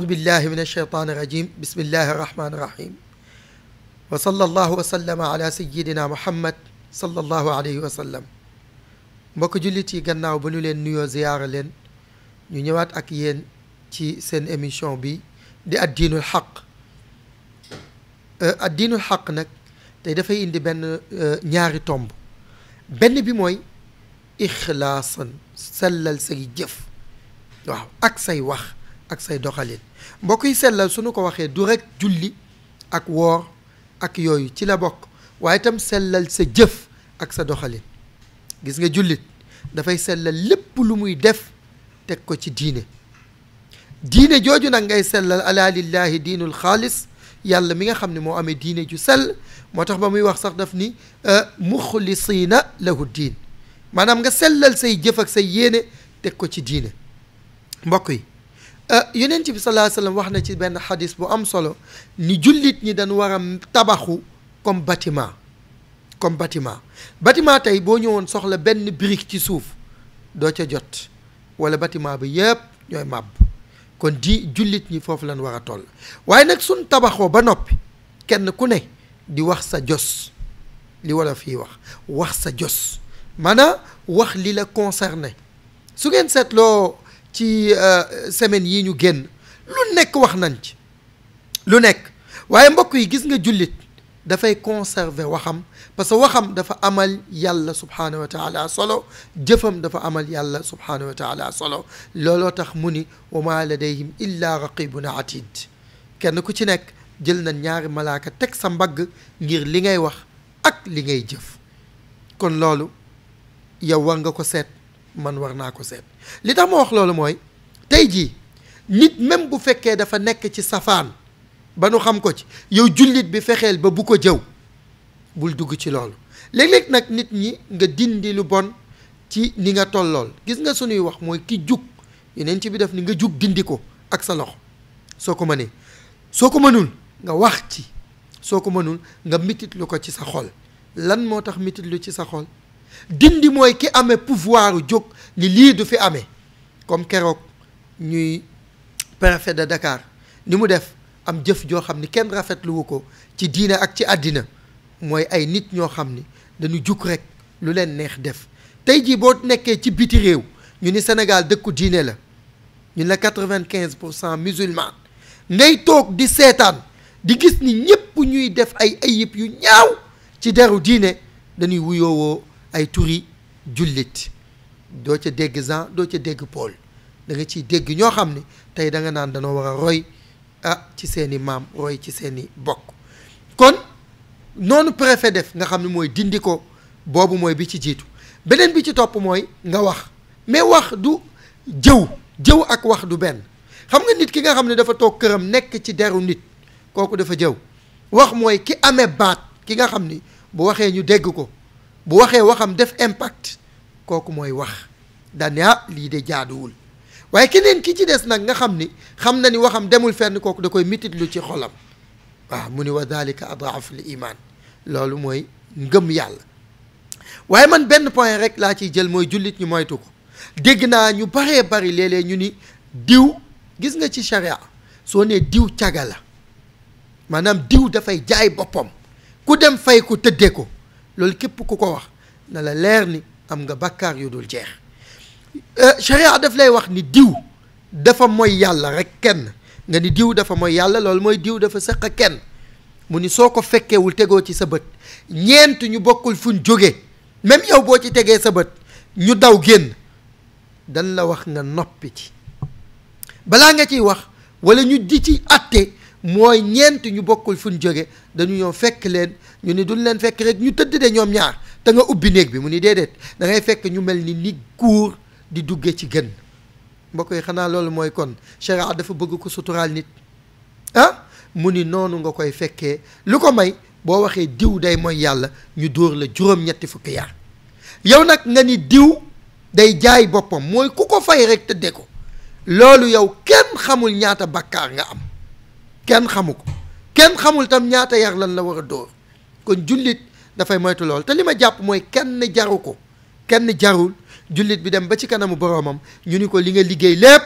أعوذ بالله من الشيطان الرجيم بسم الله الرحمن الرحيم وصلى الله وسلم على سيدنا محمد صلى الله عليه وسلم mbokk jullit yi gannaaw ba ñu leen nuyoo ziyaara leen ñu ñëwaat ak yéen ci seen émission bi di addiinul xaq euh, addiinul xaq nag tey dafay indi benn euh, ñaari tomb benn bi mooy ixlaasan sellal say jëf waaw ak say wax ak say doxalin mbokk yi sellal suñu ko waxee du rek julli ak woor ak yooyu ci la bokk waaye tam sellal sa jëf ak sa doxalin gis nga jullit dafay sellal lépp lu muy def teg ko ci diine diine jooju nag ngay sellal ala lillahi diinul xaalis yàlla mi nga xam ne moo amee diine ju sell moo tax ba muy wax sax daf ni muxlisiina lahu diin maanaam nga sellal say jëf ak say yéene teg ko ci diine mbokk yi يونس بن صلى الله عليه وسلم واحنا في بين حديث بو ام سولو ني جوليت ني دان وارا تباخو كوم باتيما كوم باتيما باتيما تاي بو نيوون سوخلا بن بريك تي سوف دو تي جوت ولا باتيما با ييب نيوي ماب كون دي جوليت ني فوف لان وارا تول واي نك سون تباخو با نوبي كين كو ني دي واخ سا جوس لي ولا في واخ واخ سا جوس مانا واخ لي لا كونسيرني سوغين سيت لو ci semaine yi ñu génn lu nekk wax nañ ci lu nekk waaye mbokk yi gis nga jullit dafay conserver waxam parce que waxam dafa amal yàlla subhanahu wa taala solo jëfam dafa amal yàlla subhanahu wa taala solo looloo tax mu ni wa ma ladayhim illa raqibun atid kenn ku ci nekk jël na ñaari malaaka teg sa mbagg ngir li ngay wax ak li ngay jëf kon loolu yow war nga ko seet man war naa ko seet li tax ma wax loolu mooy tey jii nit même bu fekkee dafa nekk ci safaan ba nu xam ko ci yow jullit bi fexeel ba bu ko jëw bul dugg ci loolu léeg-léeg nag nit ñi nga dindi lu bon ci ni nga tollool gis nga sunuy wax mooy ki jug yeneen ci bi def ni nga jug dindi ko ak sa loxo soo ko mënee soo ko mënul nga wax ci soo ko mënul nga mitit ko ci sa xol lan moo tax mitit lu ci sa xol dindi qui ki qui pouvoir le ni li du fi comme préfet de Dakar ni mu def am jëf qui xamni ni rafet lu ko ci diine ak ci adina moy ay nit ño xamni dañu rek lu len neex def tay ji Sénégal la ñu 95% musulman ngay di di gis ni ñepp ñuy def ay yu ay turi jullit doo ca dégg Jean doo ca dégg pool da nga ciy dégg ñoo xam ne tey da nga naan danoo war a roy ah ci seeni maam roy ci seeni bokk kon noonu préfet def nga xam ne mooy dindi ko boobu mooy bi ci jiitu beneen bi ci topp mooy nga wax mais wax du jëw jëw ak wax du benn xam nga nit ki nga xam ne dafa toog këram nekk ci deru nit kooku dafa jëw wax mooy ki amee baat ki nga xam ni bu waxee ñu dégg ko bu waxee waxam def impact kooku mooy wax daan ah, lii de jaaduwul waaye keneen ki ci des nag nga xam ni xam na ni waxam demul fenn kooku da koy mititlu ci xolam waaw ah, mu ni wa dalika adaaf li iman loolu mooy ngëm yàlla waaye man benn point rek laa ci jël mooy jullit ñu moytu ko dégg naa ñu baree bari léeg-léeg ñu ni diw gis nga ci sharia soo nee diw cagala maanaam diw dafay jaay boppam ku dem fay ko tëddee ko loolu képp ku ko wax na la leer ni am nga bàkkaar yu dul jeex euh, sharia daf lay wax ni diw dafa mooy yàlla rek kenn nga ni diw dafa mooy yàlla loolu mooy diw dafa sëq kenn mu ni soo ko fekkewul tegoo ci sa bët ñeent ñu bokkul fu ñu jóge même yow boo ci tegee sa bët ñu daw génn dan la wax nga noppi ci balaa nga ciy wax wala ñu di ci atte mooy ñeent ñu bokkul fu ñu jóge dañu ñoo fekk leen ñu ni duñ leen fekk rek ñu tëdd de ñoom ñaar te nga ubbi néeg bi mu ni déedéet da ngay fekk ñu mel ni ni guur di dugge ci gën mbokk yi xanaa loolu mooy kon sharia dafa bëgg ko suturaal nit ah mu ni noonu nga koy fekkee lu ko may boo waxee diw day mooy yàlla ñu dóor la juróom-ñetti fukki yar yow nag nga ni diw day jaay boppam mooy ku ko fay rek tëddee ko loolu yow kenn xamul ñaata bakkaar nga am kenn xamu ko kenn xamul tam ñaata yar lan la war a dóor kon jullit dafay moytu lool te li ma jàpp mooy kenn jaru ko kenn jarul jullit bi dem ba ci kanamu boroomam ñu ni ko li nga liggéey lépp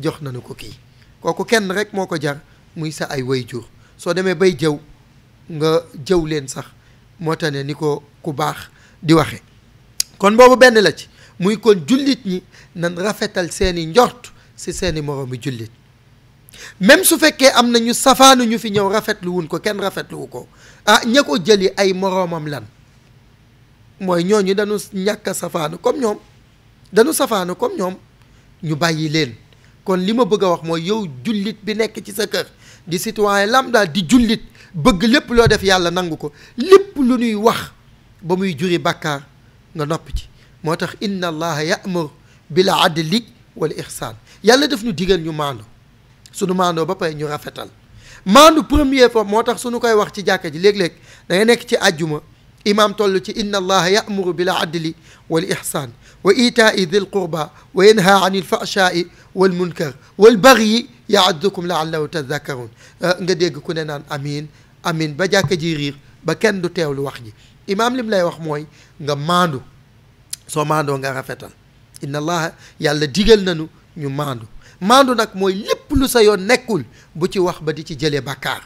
jox nañu ko kii kooku kenn rek moo ko jar muy sa ay waajur soo demee bay jëw nga jëw leen sax moo tax ne ni ko ku baax di waxe kon boobu benn la ci muy kon jullit ñi nan rafetal seeni njort ci seeni moroomi jullit même su fekkee am na ñu safaanu ñu fi ñëw rafetlu wuñ ko kenn rafetluwu ko ah ña ko jëli ay moroomam lan mooy ñooñu dañu ñàkk a safaanu comme ñoom dañu safaanu comme ñoom ñu bàyyi leen kon li ma bëgg a wax mooy yow jullit bi nekk ci sa kër di citoyen daal di jullit bëgg lépp loo def yàlla nangu ko lépp lu ñuy wax ba muy juri bàkkaar nga nopp ci moo tax inna allaha ya'mur bil adli wal ihsaan yàlla daf ñu digal ñu maandu sunu maandoo ba pare ñu rafetal maandu premier fois moo tax suñu koy wax ci jàkka ji léeg-léeg da nga nekk ci àjjuma imaam toll ci inna allaha yamuru bil adli wal ihsan wa itaai dil qurba wa yanha an il fahshaai wal munkar wal bagyi yaadukum laallahu tadakkaroun euh, nga dégg ku ne naan amin amin ba jàkka ji ba kenn du teewlu wax ji imaam lim lay wax mooy nga maandu soo maandoo nga rafetal inna yàlla digal nanu ñu maandu maandu nag mooy lépp lu sa yoon nekkul bu ci wax ba di ci jëlee bàkkaar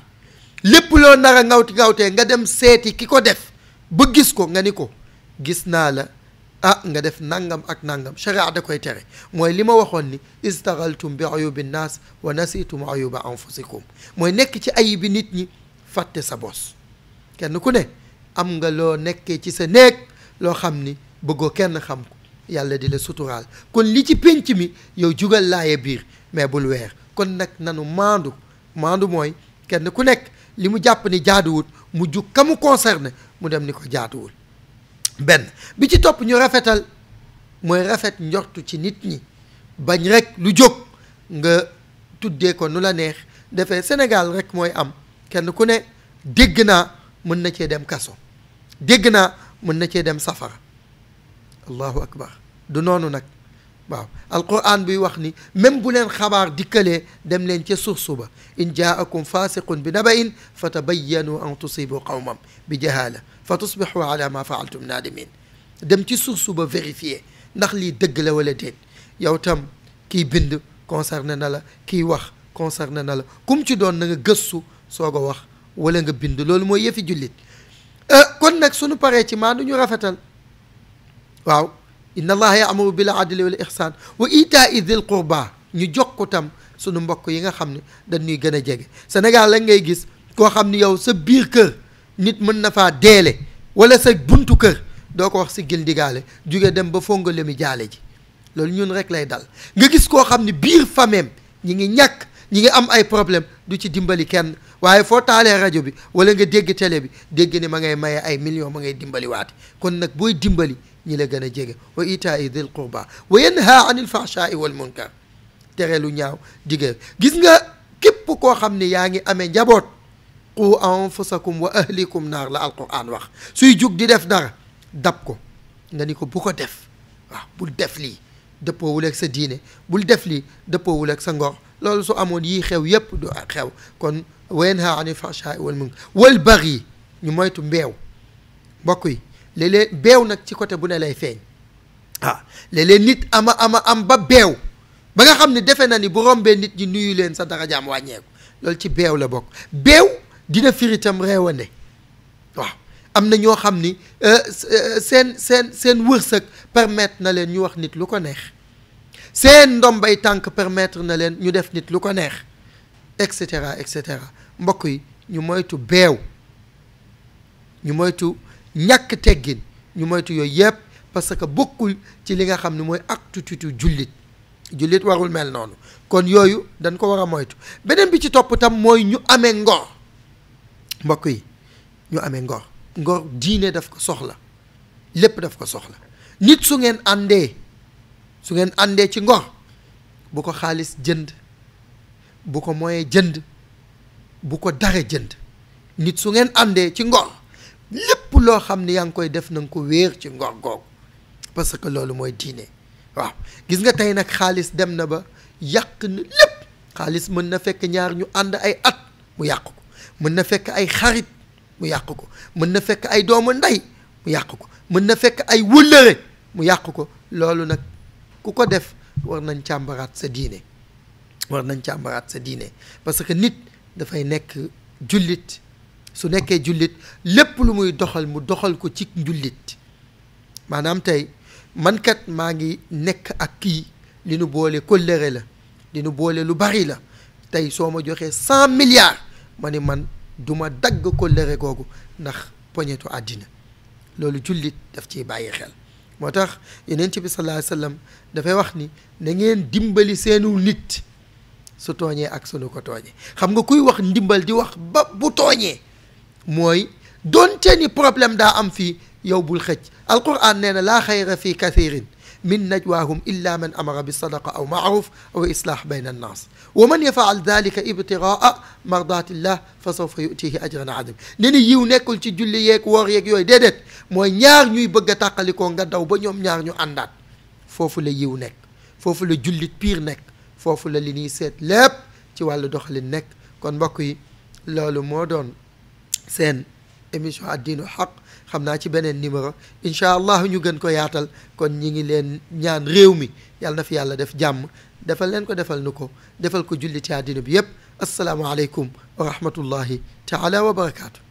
lépp loo nara a ngawti ngawtee nga dem seeti ki ko def ba gis ko nga ni ko gis naa la ah nga def nangam ak nangam sharia da koy tere mooy li ma waxoon ni istaxaltum bi ayubi nnaas wa nasitum ayuba anfusikum mooy nekk ci bi nit ñi fàtte sa bos kenn ku ne am nga loo nekkee ci sa néeg loo xam ni bëggoo kenn xam ko yàlla di la suturaal kon li ci pénc mi yow jugal laaye biir mais bul weer kon nag nanu maandu maandu mooy kenn ku nekk li mu jàpp ni jaaduwul mu jug ka mu concerné mu dem ni ko jaaduwul benn bi ci topp ñu rafetal mooy rafet njortu ci nit ñi bañ rek lu jóg nga tuddee ko nu la neex defee Sénégal rek mooy am kenn ku ne dégg naa mën na cee dem kaso dégg naa mën na cee dem safara allahu akbar du noonu nag القرآن بيوخني من بولين خبار ديكالي دم لين تي إن جاءكم فاسق بنبأ فتبينوا أن تصيبوا قوما بجهالة فتصبحوا على ما فعلتم نادمين دم تي سور صوبة فيريفيي نخلي دق ولدين يوتم كي بند كونسرنا نالا كي وخ كونسرنا نالا كم تدون دون نغا غسو سوغا وخ ولا نغا بند لول مو يفي جوليت كون نك سونو باريتي ما نيو رافتال واو inna bi la bil adli wal ihsan wa itaa dil qurba ñu jox ko tam suñu mbokk yi nga xam ne dañuy gën a jege Sénégal la ngay gis koo xam ni yow sa biir kër nit mën na faa deele wala sa buntu kër doo ko wax si gil ndigaale jóge dem ba fongale mi jaale ji loolu ñun rek lay dal nga gis koo xam ni biir fameem ñi ngi ñàkk ñi ngi am ay problème du ci dimbali kenn waaye foo taalee rajo bi wala nga dégg télé bi dégg ne ma ngay maye ay millions ma ngay dimbali kon nag booy dimbali يلا غانا جيغي وإيتاء ذي القربى وينهى عن الفحشاء والمنكر تغيلو نياو جيغي غيسغا كيب كو خامني ياغي امي نجابوت قو انفسكم واهليكم نار لا القران واخ سوي جوك دي ديف دار دابكو نانيكو بوكو ديف واه بول ديف لي دبو ولك سا دين بول ديف لي دبو ولك سا غور لول سو امون يي خيو ييب دو خيو كون وينها عن الفحشاء والمنكر والبغي ني مويتو مبيو بوكوي léeg-léeg beew nag ci côté bu ne lay feeñ ah léeg-léeg nit ama ama am ba beew ba nga xam ne defe na ni bu rombee nit ñi nuyu leen sa dara jaam wàññeeku loolu ci beew la bokk beew dina firitam réewande waaw am na ñoo xam ni euh, euh, seen seen seen wërsëg permettre na leen ñu wax nit lu ko neex seen ndombay tànk permettre na leen ñu def nit lu ko neex et cetera et cetera mbokk yi ñu moytu beew ñu moytu ñàkk teggin ñu moytu yooyu yëpp parce que bokkul ci li nga xam ni mooy attitude jullit jullit warul mel noonu kon yooyu dañ ko war a moytu beneen bi ci topp tam mooy ñu amee ngor mbokk yi ñu amee ngor ngor diine daf ko soxla lépp daf ko soxla nit su ngeen àndee su ngeen àndee ci ngor bu ko xaalis jënd bu ko moyen jënd bu ko dara jënd nit su ngeen àndee ci ngor lépp loo xam ne yaa ngi koy def na nga ko wéer ci ngor googu parce que loolu mooy diine waaw gis nga tey nag xaalis dem na ba yàq na lépp xaalis mën na fekk ñaar ñu ànd ay at mu yàq ko mën na fekk ay xarit mu yàq ko mën na fekk ay doomu ndey mu yàq ko mën na fekk ay wëllëre mu yàq ko loolu nag ku ko def war nañ càmbaraat sa diine war nañ càmbaraat sa diine parce que nit dafay nekk jullit su nekkee jullit lépp lu muy doxal mu doxal ko ci njullit maanaam tey mankat maa ngi nekk ak kii li nu boole kóllëre la li nu boole lu bari la tey soo ma joxee cent milliards ma ni man du ma dagg kóllëre googu ndax poñetu àddina loolu jullit def ciy bàyyi xel moo tax yeneen ci bi sallallahu alayhi dafay wax ni na ngeen dimbali seenu nit su tooñee ak sunu ko tooñee xam nga kuy wax ndimbal di wax ba bu tooñee mooy donte ni problème daa am fii yow bul xëcc alquran nee na laa xayra fi kathirin min najwaahum illa man amara bi sadaqa aw maaruf aw islaax bayn annaas wa man yafaal dalika ibtiraa mardatillah fa sawfa yutihi ajran azim ne ni yiw nekkul ci julli yeeg woor yeeg yooyu déedéet mooy ñaar ñuy bëgg a tàqalikoo nga daw ba ñoom ñaar ñu àndaat foofu la yiw nekk foofu la jullit piir nekk foofu la li ñuy seet lépp ci wàllu doxalin nekk kon mbokk yi loolu moo doon seen émission addiinu xaq xam naa ci beneen numéro incha allah ñu gën ko yaatal kon ñi ngi leen ñaan réew mi yàlla na fi yàlla def jàmm defal leen ko defal nu ko defal ko julliti àddina bi yépp asalaamaaleykum wa rahmatullahi taala wa